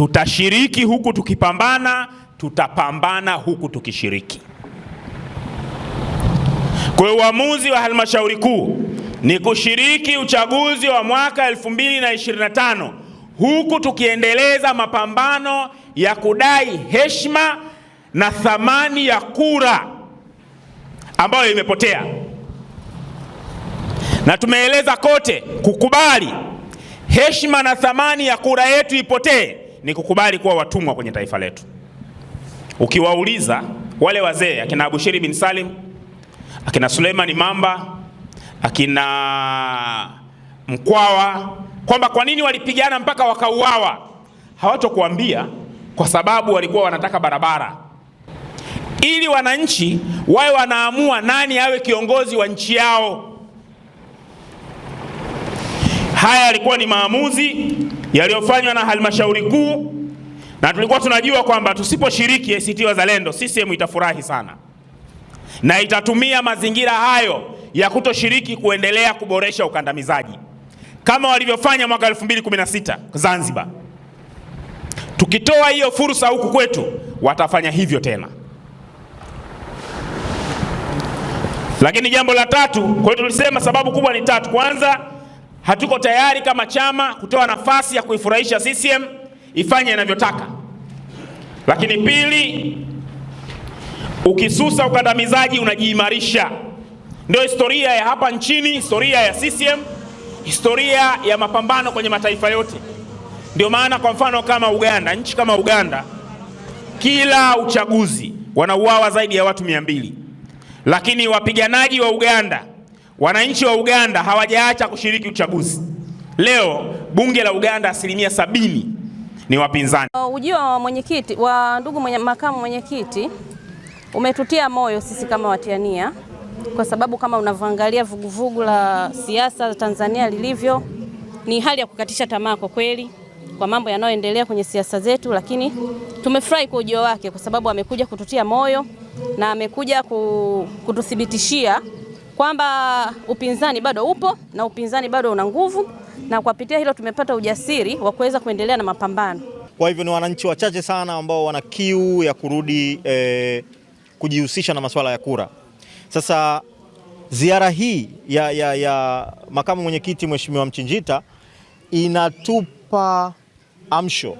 tutashiriki huku tukipambana, tutapambana huku tukishiriki. Kwa hiyo uamuzi wa halmashauri kuu ni kushiriki uchaguzi wa mwaka 2025 huku tukiendeleza mapambano ya kudai heshima na thamani ya kura ambayo imepotea, na tumeeleza kote kukubali heshima na thamani ya kura yetu ipotee ni kukubali kuwa watumwa kwenye taifa letu. Ukiwauliza wale wazee akina Abushiri bin Salim, akina Suleimani Mamba, akina Mkwawa kwamba kwa nini walipigana mpaka wakauawa, hawatokuambia kwa sababu walikuwa wanataka barabara ili wananchi wawe wanaamua nani awe kiongozi wa nchi yao. Haya yalikuwa ni maamuzi yaliyofanywa na halmashauri kuu, na tulikuwa tunajua kwamba tusiposhiriki ACT Wazalendo, CCM itafurahi sana na itatumia mazingira hayo ya kutoshiriki kuendelea kuboresha ukandamizaji kama walivyofanya mwaka 2016 Zanzibar. Tukitoa hiyo fursa huku kwetu, watafanya hivyo tena. Lakini jambo la tatu, kwetu, tulisema sababu kubwa ni tatu. Kwanza Hatuko tayari kama chama kutoa nafasi ya kuifurahisha CCM ifanye inavyotaka. Lakini pili, ukisusa ukandamizaji unajiimarisha. Ndio historia ya hapa nchini, historia ya CCM, historia ya mapambano kwenye mataifa yote. Ndio maana kwa mfano kama Uganda, nchi kama Uganda, kila uchaguzi wanauawa zaidi ya watu mia mbili, lakini wapiganaji wa Uganda Wananchi wa Uganda hawajaacha kushiriki uchaguzi. Leo bunge la Uganda asilimia sabini ni wapinzani. Uh, ujio wa mwenyekiti wa ndugu mwenye, makamu mwenyekiti umetutia moyo sisi kama watiania, kwa sababu kama unavyoangalia vuguvugu la siasa za Tanzania lilivyo, ni hali ya kukatisha tamaa kwa kweli, kwa mambo yanayoendelea kwenye siasa zetu, lakini tumefurahi kwa ujio wake, kwa sababu amekuja kututia moyo na amekuja kututhibitishia kwamba upinzani bado upo na upinzani bado una nguvu, na kwa kupitia hilo tumepata ujasiri wa kuweza kuendelea na mapambano. Kwa hivyo ni wananchi wachache sana ambao wana kiu ya kurudi eh, kujihusisha na masuala ya kura. Sasa ziara hii ya, ya, ya makamu mwenyekiti Mheshimiwa Mchinjita inatupa amsho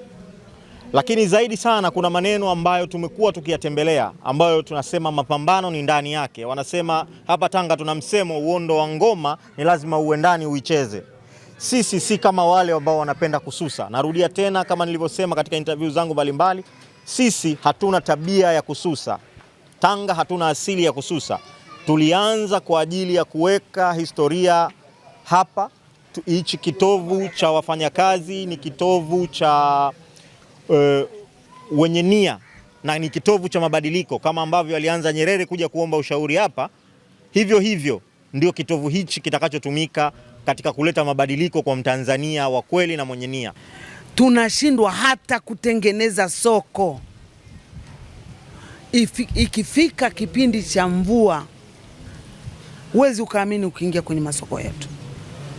lakini zaidi sana kuna maneno ambayo tumekuwa tukiyatembelea ambayo tunasema mapambano ni ndani yake. Wanasema hapa Tanga tuna msemo, uondo wa ngoma ni lazima uwe ndani uicheze. Sisi si kama wale ambao wanapenda kususa. Narudia tena, kama nilivyosema katika interview zangu mbalimbali, sisi hatuna tabia ya kususa. Tanga hatuna asili ya kususa. Tulianza kwa ajili ya kuweka historia hapa. Hichi kitovu cha wafanyakazi ni kitovu cha uh, wenye nia na ni kitovu cha mabadiliko kama ambavyo alianza Nyerere kuja kuomba ushauri hapa, hivyo hivyo ndio kitovu hichi kitakachotumika katika kuleta mabadiliko kwa Mtanzania wa kweli na mwenye nia. Tunashindwa hata kutengeneza soko. Ifi, ikifika kipindi cha mvua, huwezi ukaamini ukiingia kwenye masoko yetu,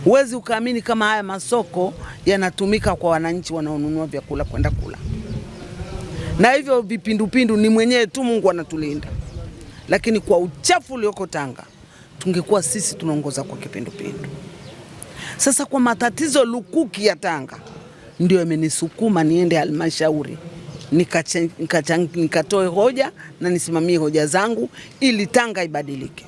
huwezi ukaamini kama haya masoko yanatumika kwa wananchi wanaonunua vyakula kwenda kula na hivyo vipindupindu ni mwenyewe tu Mungu anatulinda, lakini kwa uchafu ulioko Tanga tungekuwa sisi tunaongoza kwa kipindupindu. Sasa kwa matatizo lukuki ya Tanga ndio amenisukuma niende halmashauri nikatoe hoja na nisimamie hoja zangu ili Tanga ibadilike.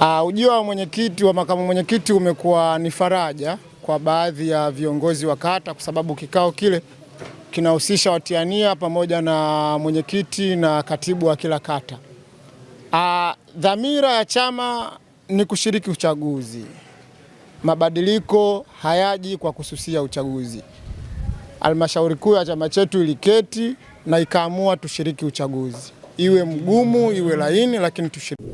Uh, ujio wa mwenyekiti wa makamu mwenyekiti umekuwa ni faraja kwa baadhi ya viongozi wa kata, kwa sababu kikao kile kinahusisha watiania pamoja na mwenyekiti na katibu wa kila kata. A, ah, dhamira ya chama ni kushiriki uchaguzi. Mabadiliko hayaji kwa kususia uchaguzi. Halmashauri kuu ya chama chetu iliketi na ikaamua tushiriki uchaguzi, iwe mgumu iwe laini, lakini tushiriki.